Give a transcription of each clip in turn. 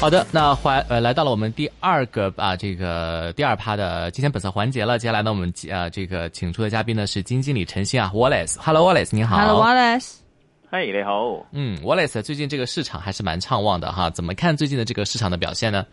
好的，那懷，呃，來到了我們第二個啊，這個第二趴的金錢本色環節了。接下來呢，我們啊，這個請出的嘉賓呢是基金經理陳昕啊，Wallace。Hello，Wallace，你好。Hello，Wallace。Hey，你好。嗯，Wallace，最近這個市場還是蠻暢旺的哈，怎麼看最近的這個市場的表現呢？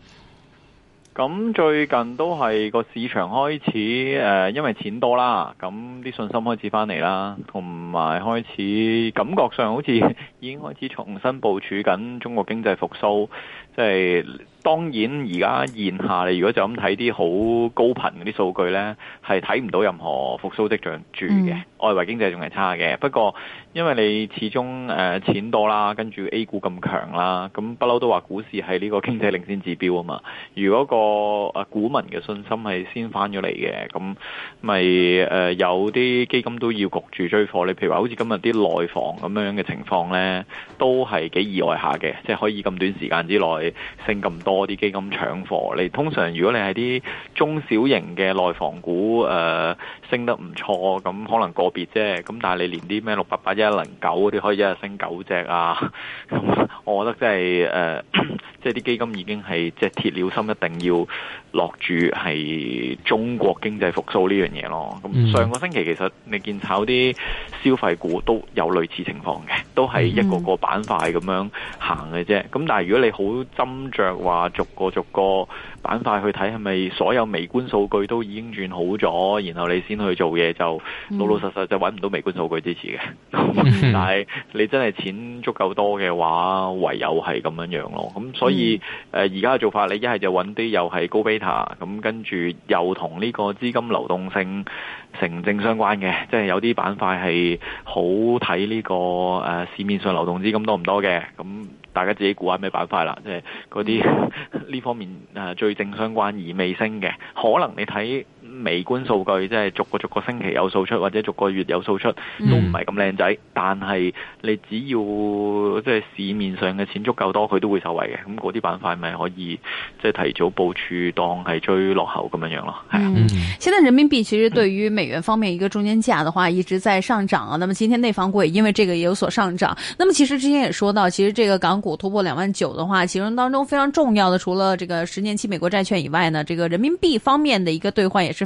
咁最近都係個市場開始，呃，因為錢多啦，咁啲信心開始翻嚟啦，同埋開始感覺上好似，已經開始重新部署緊中國經濟復甦，即係當然而家現下，你如果就咁睇啲好高頻嗰啲數據呢，係睇唔到任何復甦跡象住嘅。外圍經濟仲係差嘅，不過因為你始終誒錢多啦，跟住 A 股咁強啦，咁不嬲都話股市係呢個經濟領先指標啊嘛。如果個股民嘅信心係先翻咗嚟嘅，咁咪誒有啲基金都要焗住追貨。你譬如話好似今日啲內房咁樣嘅情況呢。都係幾意外下嘅，即係可以咁短時間之內升咁多，啲基金搶貨。你通常如果你係啲中小型嘅內房股，誒、呃，升得唔錯，咁可能個別啫。咁但係你連啲咩六八八一零九嗰啲，6, 8, 10, 9, 可以一日升九隻啊！咁我覺得真係誒、呃，即係啲基金已經係即係鐵了心一定要。落注係中國經濟復甦呢樣嘢咯，咁上個星期其實你見炒啲消費股都有類似情況嘅，都係一個個板塊咁樣行嘅啫。咁但係如果你好斟酌話，逐個逐個，板塊去睇，係咪所有微觀數據都已經轉好咗，然後你先去做嘢，就老老實實就揾唔到微觀數據支持嘅。 但係你真係錢足夠多嘅話，唯有係咁樣樣咯。咁所以誒而家嘅做法，你一係就揾啲又係高 beta，咁跟住又同呢個資金流動性。成正相關嘅，即係有啲板塊係好睇呢、呢個誒、啊、市面上流動資金多唔多嘅，咁大家自己估下咩板塊啦，即係嗰啲呢方面誒、啊、最正相關而未升嘅，可能你睇。微觀數據即係逐個逐個星期有數出或者逐個月有數出都唔係咁靚仔，但係你只要即係市面上嘅錢足夠多，佢都會受惠嘅。咁嗰啲板塊咪可以即係提早部署，當係追落後咁樣樣咯。係啊，嗯，現在人民幣其實對於美元方面一個中間價的話一直在上升上漲啊。嗯、那麼今天內房股也因為這個也有所上漲。那麼其實之前也說到，其實這個港股突破兩萬九的話，其中當中非常重要的，除了這個十年期美國債券以外呢，這個人民幣方面嘅一個兌換也是。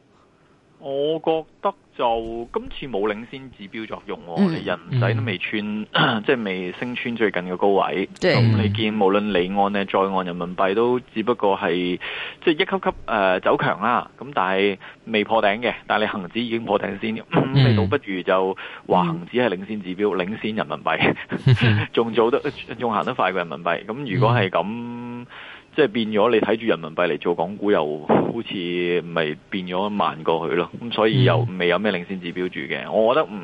我覺得就今次冇領先指標作用、啊，嗯、你人仔都未穿，嗯、 即係未升穿最近嘅高位。咁對、嗯、你見無論離岸呢在岸人民幣都只不過係即係一級級、呃、走強啦。咁但係未破頂嘅，但係你恒指已經破頂先了、嗯， 你倒不如就話恒指係領先指標，領先人民幣，仲 走得仲行得快過人民幣。咁如果係咁。嗯嗯。即係變咗，你睇住人民幣嚟做港股，又好似咪變咗慢過去咯。咁所以又未有咩領先指標住嘅。我覺得唔，嗯，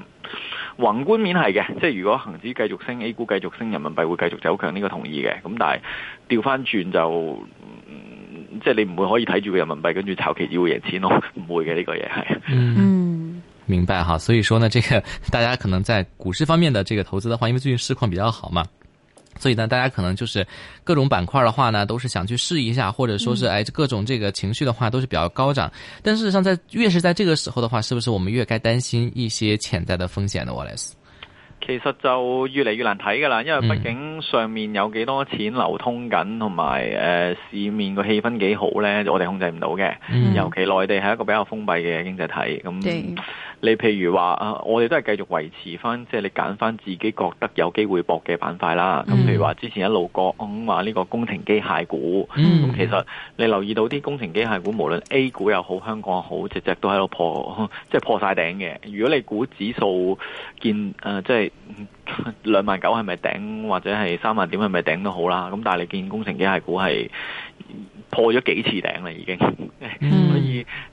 宏觀面係嘅。即係如果恒指繼續升，A 股繼續升，人民幣會繼續走強呢個同意嘅。咁但係調翻轉就，嗯、即係你唔會可以睇住個人民幣跟住炒期指會贏錢咯。唔會嘅呢個嘢係。嗯，明白哈。所以說呢，這個大家可能在股市方面的這個投資的話，因為最近市況比較好嘛。所以呢，大家可能就是各種板塊的話呢，都是想去試一下，或者說是哎，各種這個情緒的話都是比較高漲。但事實上，在越是在這個時候的話，是不是我們越該擔心一些潛在的風險呢？我哋，其實就越嚟越難睇噶啦，因為畢竟上面有幾多錢流通緊，同埋誒，市面個氣氛幾好呢，我哋控制唔到嘅。嗯，尤其內地係一個比較封閉嘅經濟體，咁，嗯。你譬如話啊，我哋都係繼續維持翻，即係你揀翻自己覺得有機會搏嘅板塊啦。咁譬如話之前一路講話呢個工程機械股，咁、嗯、其實你留意到啲工程機械股，無論 A 股又好，香港又好，只只都喺度破，即係破晒頂嘅。如果你估指數見誒，即係兩萬九係咪頂，或者係三萬點係咪頂都好啦。咁但係你見工程機械股係破咗幾次頂啦，已經。嗯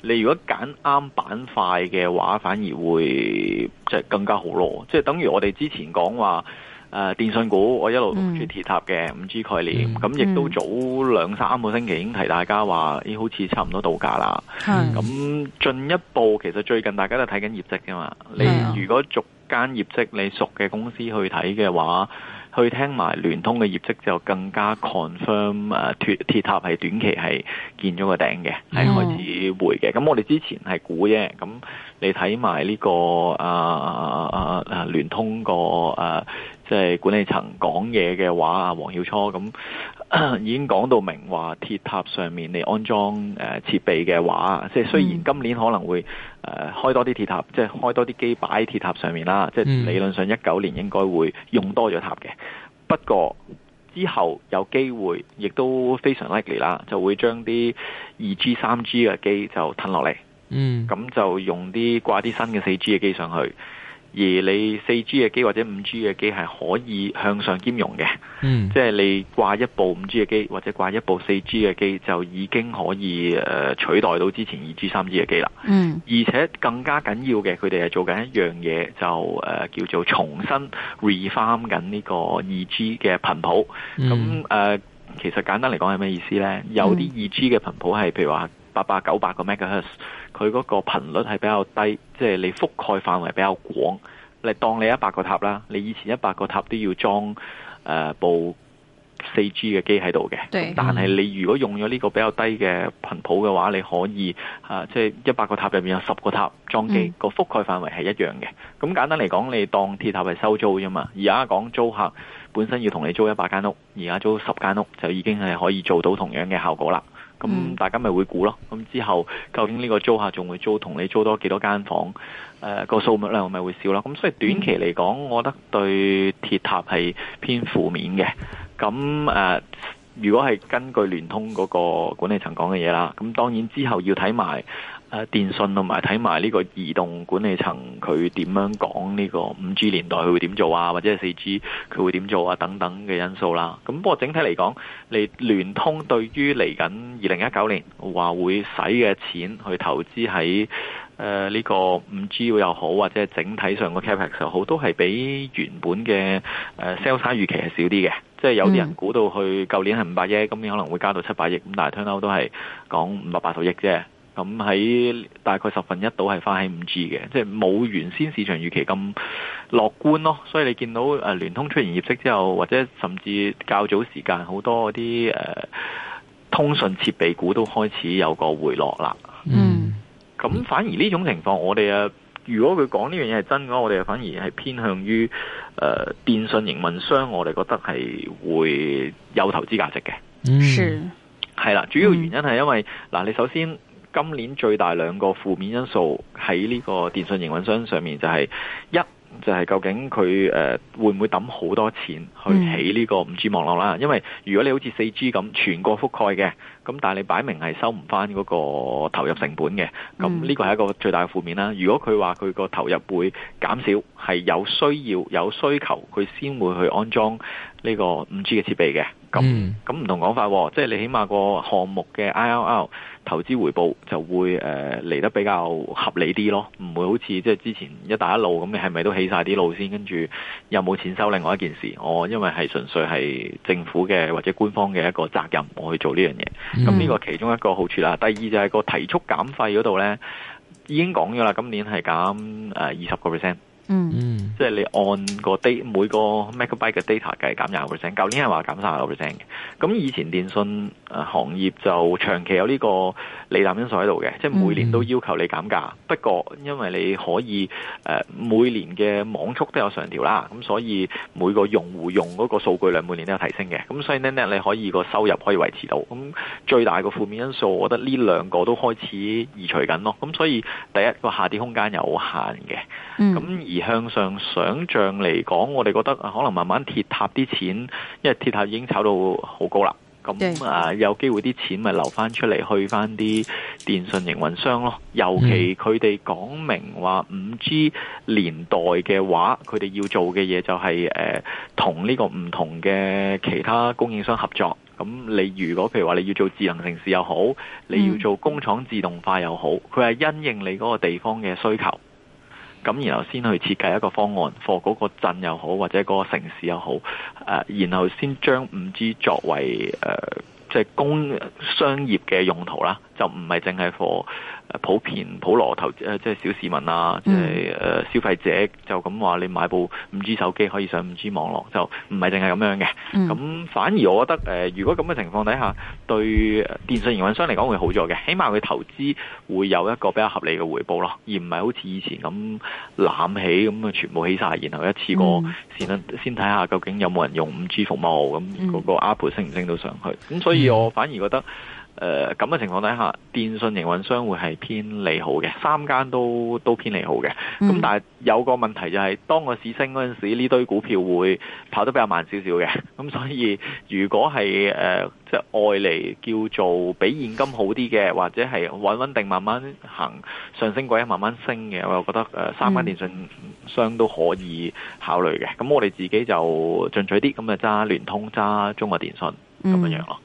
你如果揀啱板塊嘅話，反而會即係更加好咯。即係等於我哋之前講話，誒、呃，電信股我一路同住鐵塔嘅五 G 概念，咁亦都早兩三個星期已經提大家話，咦、哎，好似差唔多到價啦。咁進、嗯、一步，其實最近大家都睇緊業績噶嘛。你如果逐間業績，你熟嘅公司去睇嘅話。去聽埋聯通嘅業績就更加 confirm 脱鐵塔係短期係見咗個頂嘅，係開始回嘅。咁我哋之前係估啫，咁你睇埋呢個啊啊啊啊聯通個誒，即、啊、係、就係管理層講嘢嘅話啊，黃曉初咁。已經講到明話，鐵塔上面你安裝誒設備嘅話，即係雖然今年可能會誒開多啲鐵塔，即係開多啲機擺喺鐵塔上面啦。即係理論上一九年應該會用多咗塔嘅，不過之後有機會亦都非常 likely 啦，就會將啲二 G、三 G 嘅機就褪落嚟，嗯，咁就用啲掛啲新嘅四 G 嘅機上去。而你四 G 嘅機或者五 G 嘅機係可以向上兼容嘅，嗯，mm. 即係你掛一部五 G 嘅機或者掛一部四 G 嘅機就已經可以誒取代到之前二 G 三 G 嘅機啦，嗯，mm. 而且更加緊要嘅佢哋係做緊一樣嘢就誒叫做重新 refine 緊呢個二 G 嘅頻譜，咁、mm. 呃、其實簡單嚟講係咩意思呢？有啲二 G 嘅頻譜係譬如話，八百九百個 megahertz，佢嗰個頻率係比較低，即係你覆蓋範圍比較廣。你當你一百個塔啦，你以前一百個塔都要裝誒、呃、部四 G 嘅機喺度嘅，對但係你如果用咗呢個比較低嘅頻譜嘅話，你可以啊即係一百個塔入面有十個塔裝機，個、嗯、覆蓋範圍係一樣嘅。咁簡單嚟講，你當鐵塔係收租啫嘛。而家講租客本身要同你租一百間屋，而家租十間屋就已經係可以做到同樣嘅效果啦。咁大家咪會估咯，咁之後究竟呢個租客仲會租，同你租多幾多間房，誒、呃、個數目呢我咪會少啦。咁所以短期嚟講，我覺得對鐵塔係偏負面嘅。咁誒、呃，如果係根據聯通嗰個管理層講嘅嘢啦，咁當然之後要睇埋。誒，電信同埋睇埋呢個移動管理層佢點樣講呢個五 G 年代佢會點做啊？或者係四 G 佢會點做啊？等等嘅因素啦。咁不過整體嚟講，你聯通對於嚟緊二零一九年話會使嘅錢去投資喺誒呢個五 G 又好，或者係整體上個 capex 又好，都係比原本嘅誒 sales 預期係少啲嘅。即係有啲人估到去舊年係五百億，今年可能會加到七百億，咁但係 turnout 都係講五百八十億啫。咁喺大概十分一度係翻喺五 G 嘅，即係冇原先市場預期咁樂觀咯。所以你見到誒、啊、聯通出現業績之後，或者甚至較早時間好多嗰啲誒、啊、通訊設備股都開始有個回落啦。嗯，咁反而呢種情況，我哋啊，如果佢講呢樣嘢係真嘅話，我哋反而係偏向於誒、啊、電信營運商，我哋覺得係會有投資價值嘅。嗯是，係啦，主要原因係因為嗱、嗯，你首先。今年最大兩個負面因素喺呢個電信營運商上面就，就係一就係究竟佢誒、呃、會唔會抌好多錢去起呢個五 G 網絡啦？嗯、因為如果你好似四 G 咁全個覆蓋嘅，咁但係你擺明係收唔翻嗰個投入成本嘅，咁呢個係一個最大嘅負面啦。如果佢話佢個投入會減少，係有需要有需求佢先會去安裝呢個五 G 嘅設備嘅。咁咁唔同講法，即係你起碼個項目嘅 I R R，投資回報就會誒嚟、呃、得比較合理啲咯，唔會好似即係之前一帶一路咁，你係咪都起晒啲路先，跟住又冇錢收。另外一件事，我因為係純粹係政府嘅或者官方嘅一個責任，我去做呢樣嘢，咁呢、mm hmm. 個其中一個好處啦。第二就係個提速減費嗰度呢，已經講咗啦，今年係減二十個 percent。嗯，即係你按個 data 每個 megabyte 嘅 data 計減廿 percent，舊年係話減三十 percent 嘅。咁以前電信誒行業就長期有呢個利淡因素喺度嘅，即係每年都要求你減價。嗯、不過因為你可以誒、呃、每年嘅網速都有上調啦，咁所以每個用戶用嗰個數據量每年都有提升嘅。咁所以呢，你可以個收入可以維持到。咁最大個負面因素，我覺得呢兩個都開始移除緊咯。咁所以第一個下跌空間有限嘅。咁、嗯而向上想象嚟講，我哋覺得可能慢慢鐵塔啲錢，因為鐵塔已經炒到好高啦。咁的啊，有機會啲錢咪留翻出嚟，去翻啲電信營運商咯。尤其佢哋講明話五 G 年代嘅話，佢哋要做嘅嘢就係、是、誒、呃、同呢個唔同嘅其他供應商合作。咁你如果譬如話你要做智能城市又好，你要做工廠自動化又好，佢係因應你嗰個地方嘅需求。咁然後先去設計一個方案，for 嗰個鎮又好，或者嗰個城市又好，誒，然後先將 5G 作為，呃即係工商業嘅用途啦，就唔係淨係貨，普遍普羅投即係、就是、小市民啊，即係、嗯、消費者就咁話你買部五 G 手機可以上五 G 網絡，就唔係淨係咁樣嘅。咁、嗯、反而我覺得誒、呃、如果咁嘅情況底下，對電信營運商嚟講會好咗嘅，起碼佢投資會有一個比較合理嘅回報咯，而唔係好似以前咁攬起咁啊，全部起晒，然後一次過、嗯、先先睇下究竟有冇人用五 G 服務，咁嗰個 Apple 升唔升到上去？咁所以。我反而覺得，誒咁嘅情況底下，電信營運商會係偏利好嘅，三間都都偏利好嘅。咁、嗯、但係有個問題就係、是，當個市升嗰陣時，呢堆股票會跑得比較慢少少嘅。咁、嗯、所以如果係誒即係外嚟叫做比現金好啲嘅，或者係穩穩定慢慢行上升軌，慢慢升嘅，我又覺得、呃、三間電信商都可以考慮嘅。咁、嗯、我哋自己就進取啲咁啊，揸聯通揸中國電信咁樣咯。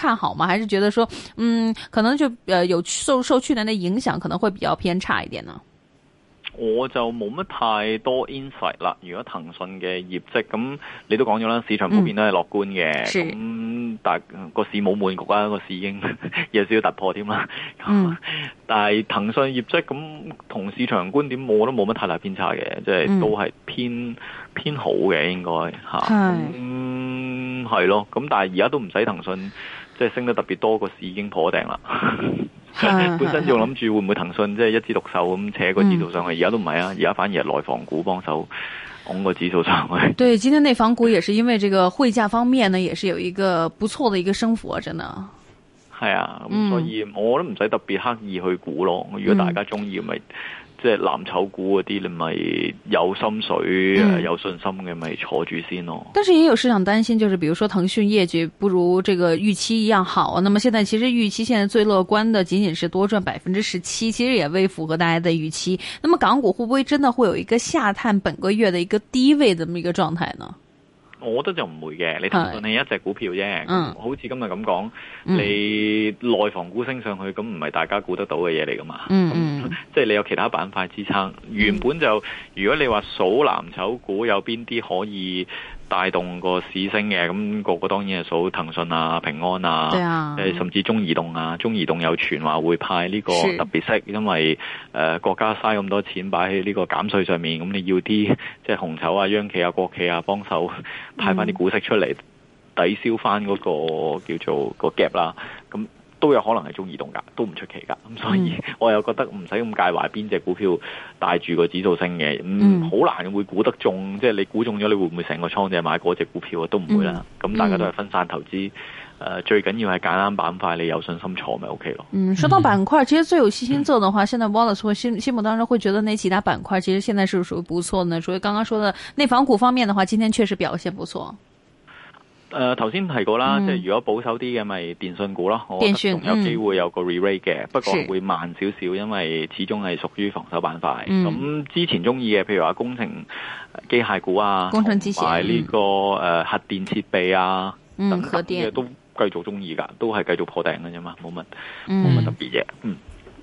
看好嗎？還是覺得說，嗯，可能就，呃，有受受去年的影響，可能會比較偏差一點呢？我就冇乜太多 insight 啦。如果騰訊嘅業績，咁你都講咗啦，市場普遍都係樂觀嘅。咁、嗯、但個市冇滿局啦、啊，個市已經 也有少少突破添啦、嗯。但係騰訊業績咁同市場觀點沒，我都冇乜太大偏差嘅，即、就、係、是、都係偏、嗯、偏好嘅應該吓。啊、唉嗯係咯。咁但係而家都唔使騰訊。即係升得特別多，個市已經破定破頂啦， 本身要諗住會唔會騰訊即係、就是、一枝獨秀咁扯個指數上去，而家、嗯、都唔係啊，而家反而係內房股幫手拱個指數上去。對，今天內房股也是因為這個匯價方面呢，也是有一個不錯的一個升幅，啊。真的。係啊，咁所以我都唔使特別刻意去估咯。如果大家中意咪，嗯.即係藍籌股嗰啲，你咪有心水、嗯、有信心嘅、哦，咪坐住先咯。但是也有市場擔心，就是，比如說騰訊業績不如這個預期一樣好。那麼現在其實預期現在最樂觀的，僅僅是多賺百分之十七，其實也未符合大家的預期。那麼港股會不會真的會有一個下探本個月的一個低位，這麼一個狀態呢？我覺得就唔會嘅，你騰訊係一隻股票啫，嗯、好似今日咁講，你內房股升上去，咁唔係大家估得到嘅嘢嚟噶嘛？即係、嗯嗯就是、你有其他板塊支撐，原本就如果你話數藍籌股有邊啲可以。帶動個市升嘅，咁、那個個當然係數騰訊啊、平安啊，嗯、甚至中移動啊。中移動有傳話會派呢個特別息，因為誒、呃、國家嘥咁多錢擺喺呢個減稅上面，咁你要啲即係紅籌啊、央企啊、國企啊幫手派翻啲股息出嚟，嗯、抵消翻、那、嗰個叫做個 gap 啦，咁。都有可能係中移動噶，都唔出奇噶。咁所以、嗯、我又覺得唔使咁介懷邊隻股票帶住個指數升嘅，嗯，好難會估得中。嗯、即係你估中咗，你會唔會成個倉就係買嗰隻股票啊？都唔會啦。咁、嗯、大家都係分散投資。誒、嗯呃，最緊要係揀啱板塊，你有信心坐咪 O K 咯。嗯，說到板塊，其實最有信心做的話，嗯、現在 w a l l wallace 我心，心目當中會覺得那幾大板塊，其實現在是屬於不錯。呢。所以剛剛說的內房股方面的話，今天確實表現不錯。誒，頭先、呃、提過啦，就係、嗯、如果保守啲嘅咪電信股咯，電信，我覺得仲有機會有個 rerate 嘅，嗯、不過會慢少少，因為始終係屬於防守板塊。咁、嗯、之前中意嘅，譬如話工程機械股啊，同埋呢個誒、呃、核電設備啊，嗯、等等，呢啲都繼續中意噶，都係繼續破頂嘅啫嘛，冇乜冇乜特別嘢，嗯。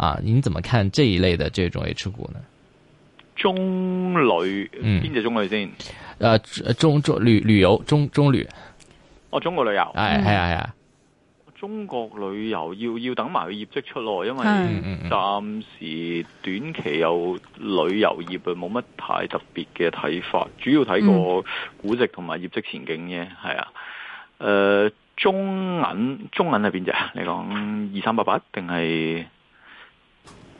啊，你怎麼看這一類的這種 H 股呢？中旅，嗯，邊隻中旅先？誒，中中旅旅遊，中中旅。哦，中國旅遊。係係係啊。中國旅遊要要等埋佢業績出來，因為暫時短期有旅遊業啊，冇乜太特別嘅睇法，主要睇個估值同埋業績前景啫。係啊，誒、呃，中銀中銀係邊隻啊？你講二三八八定係？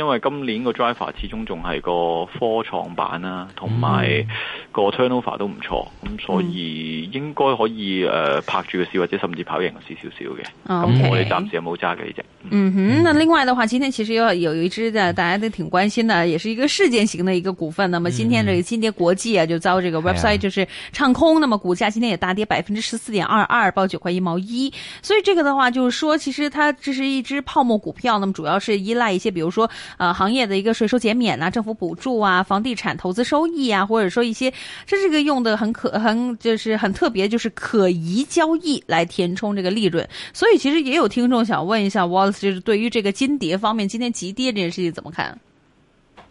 因為今年個 driver 始終仲係個科創板啦，同埋個 turnover 都唔錯，咁、嗯嗯、所以應該可以誒、呃、拍住個市或者甚至跑贏個市少少嘅，咁我哋暫時有冇揸嘅呢隻。Okay、嗯哼，那另外的話，今天其實有有一隻嘅大家都挺關心嘅，也是一個事件型嘅一個股份。那麼今天呢金蝶國際啊，就遭這個 website、嗯、就是唱空，那麼股價今天也大跌百分之十四點二二，報九塊一毛一。所以這個的話，就是說其實它這是一隻泡沫股票，那麼主要是依賴一些，比如說。呃，行業的一個稅收減免啊，政府補助啊，房地產投資收益啊，或者說一些，這是個用的很可很就是很特別，就是可疑交易來填充這個利潤。所以其實也有聽眾想問一下，Wallace 就是對於這個金蝶方面今天急跌這件事情怎麼看？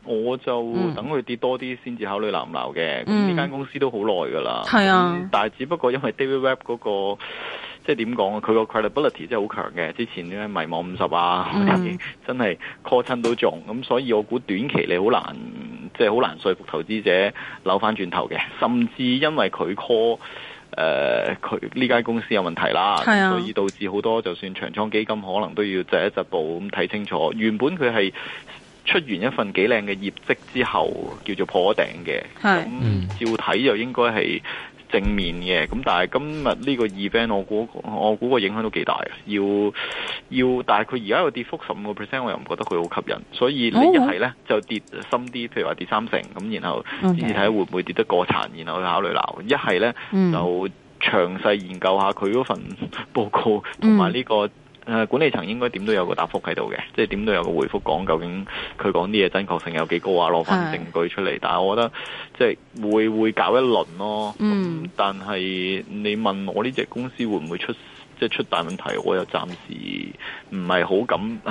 我就等佢跌多啲先至考慮撈唔撈嘅。呢間、嗯、公司都好耐㗎喇。係、嗯、啊，但係只不過因為 David Webb 嗰、那個。即係點講啊？佢個 credibility 真係好強嘅。之前咧迷茫五十啊，mm。真係 call 親都中。咁所以我估短期你好難，即係好難説服投資者扭翻轉頭嘅。甚至因為佢 call，誒佢呢間公司有問題啦，啊、所以導致好多就算長倉基金可能都要窒一窒步咁睇清楚。原本佢係出完一份幾靚嘅業績之後，叫做破咗頂嘅。咁照睇就應該係。正面嘅，咁但係今日呢個 event 我估我估個影響都幾大嘅，要要，但係佢而家有跌幅十五個 percent，我又唔覺得佢好吸引，所以你一係呢就跌深啲，譬如話跌三成咁，然後試睇會唔會跌得過殘，然後去考慮啦；Okay. 一係呢就詳細研究下佢嗰份報告同埋呢個。管理層應該點都有個答覆喺度嘅，即係點都有個回覆講究竟佢講啲嘢真確性有幾高啊，攞翻證據出嚟。的但係我覺得即係會會搞一輪咯。嗯，但係你問我呢隻公司會唔會出即係出大問題，我又暫時唔係好敢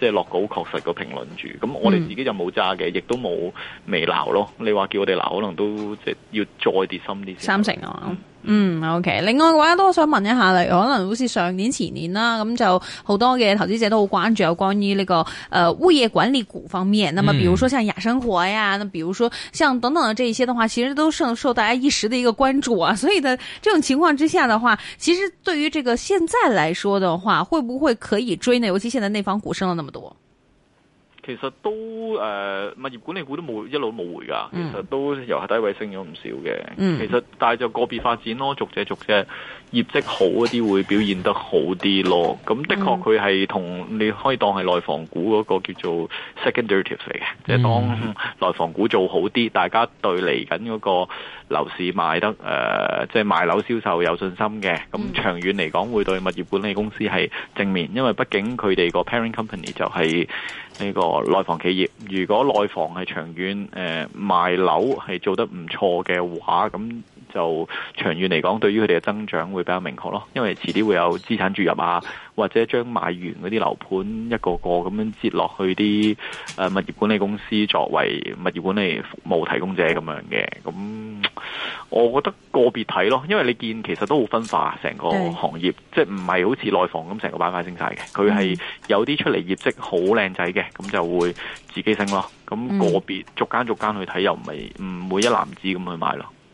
即係落稿確實個評論住。咁我哋自己就冇揸嘅，亦都冇未鬧咯。你話叫我哋鬧，可能都即係要再跌深啲先。三成啊！嗯。嗯，OK。另外嘅話，都想問一下，例如可能好似上年前年啦，咁就好多嘅投資者都好關注有關於呢個呃物業管理股方面。嗯、那麼，比如說像雅生活呀，那比如說像等等的這一些的話，其實都受受大家一時的一個關注啊。所以呢，這種情況之下的話，其實對於這個現在來說的話，會不會可以追呢？尤其現在內房股升了那麼多。其實都誒物業管理股都冇一路冇回㗎。其實都由係低位升咗唔少嘅。其實但係就個別發展咯，逐隻逐隻。業績好嗰啲會表現得好啲咯，咁的確佢係同你可以當係內房股嗰個叫做 secondary 嚟嘅，即係、嗯、當內房股做好啲，大家對嚟緊嗰個樓市賣得、呃、即係賣樓銷售有信心嘅，咁長遠嚟講會對物業管理公司係正面，因為畢竟佢哋個 parent company 就係呢個內房企業，如果內房係長遠賣、呃、樓係做得唔錯嘅話，咁。就長遠嚟講，對於佢哋嘅增長會比較明確咯，因為遲啲會有資產注入啊，或者將買完嗰啲樓盤一個個咁樣接落去啲誒物業管理公司作為物業管理服務提供者咁樣嘅。咁我覺得個別睇咯，因為你見其實都好分化，成個行業即係唔係好似內房咁成個板塊升晒嘅。佢係有啲出嚟業績好靚仔嘅，咁就會自己升咯。咁個別逐間逐間去睇，又唔係唔每一攬子咁去買咯。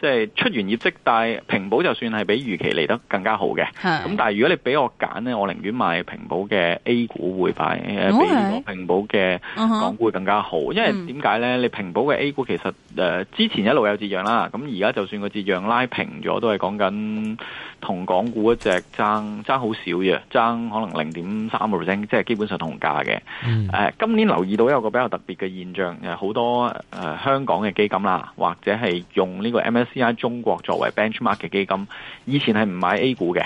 即係出完業績，但係平保就算係比預期嚟得更加好嘅。咁是但係如果你俾我揀呢，我寧願買平保嘅 A 股會擺，Okay 比我平保嘅港股會更加好。因為點解呢？嗯、你平保嘅 A 股其實誒、呃、之前一路有折讓啦。咁而家就算個折讓拉平咗，都係講緊同港股一隻爭爭好少嘅，爭可能零點三個 percent，即係基本上同價嘅、嗯呃。今年留意到有一個比較特別嘅現象，好多、呃、香港嘅基金啦，或者係用呢個 M S。C.I. 中國作為 benchmark 嘅基金，以前係唔買 A 股嘅，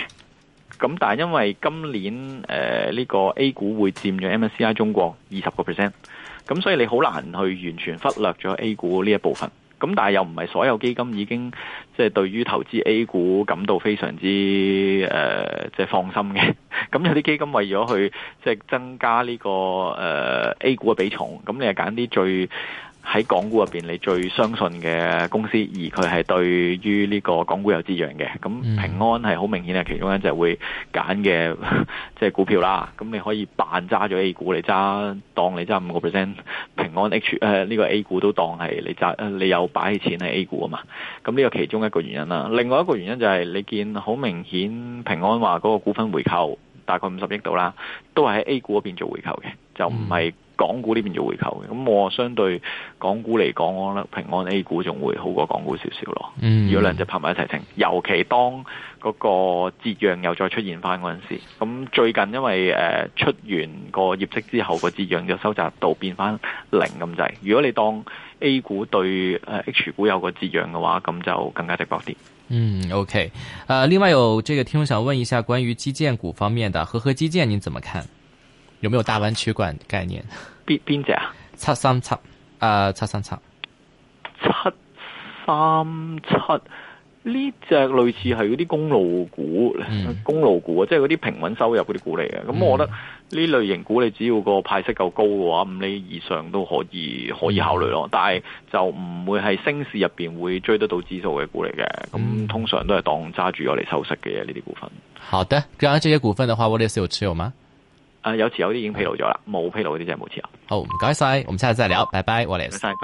咁但係因為今年誒呢、呃這個 A 股會佔咗 M.S.C.I. 中國二十個 percent，咁所以你好難去完全忽略咗 A 股呢一部分。咁但係又唔係所有基金已經即係、就是、對於投資 A 股感到非常之誒即係放心嘅。咁有啲基金為咗去即係、就是、增加呢、這個誒、呃、A 股嘅比重，咁你係揀啲最喺港股入邊，你最相信嘅公司，而佢係對於呢個港股有資源嘅。咁平安係好明顯係其中一隻會揀嘅，即係股票啦。咁你可以扮揸咗 A 股你揸，當你揸五個 percent 平安 H，誒，呢個 A 股都當係你揸，你有擺起錢喺 A 股啊嘛。咁呢個其中一個原因啦。另外一個原因就係你見好明顯，平安話嗰個股份回購大概五十億度啦，都係喺 A 股嗰邊做回購嘅，就唔係。港股呢邊要回購嘅，咁我相對港股嚟講，我覺得平安 A 股仲會好過港股少少咯。嗯，如果兩隻拍埋一齊聽，尤其當嗰個折讓又再出現翻嗰陣時，咁最近因為誒出完個業績之後，個折讓就收窄到變翻零咁滯。如果你當 A 股對誒 H 股有個折讓嘅話，咁就更加值博啲。嗯，OK。誒，另外有，呢個聽眾，我想問一下關於基建股方面的，合和基建，您怎麼看？有沒有大灣區管概念？邊邊隻啊？七三七，啊，七三七，七三七呢隻類似係嗰啲公路股，嗯、公路股啊，即係嗰啲平穩收入嗰啲股嚟嘅。咁、嗯、我覺得呢類型股，你只要個派息夠高嘅話，五厘以上都可以可以考慮咯。但係就唔會係升市入邊會追得到指數嘅股嚟嘅。咁、嗯、通常都係當揸住我嚟收息嘅呢啲股份。好的，咁樣這些股份的話，我哋有持有嗎？啊，有持有啲已經披露咗啦，冇披露啲真係冇持有。好，唔該晒，我哋下次再聊，拜拜，我哋謝。拜拜。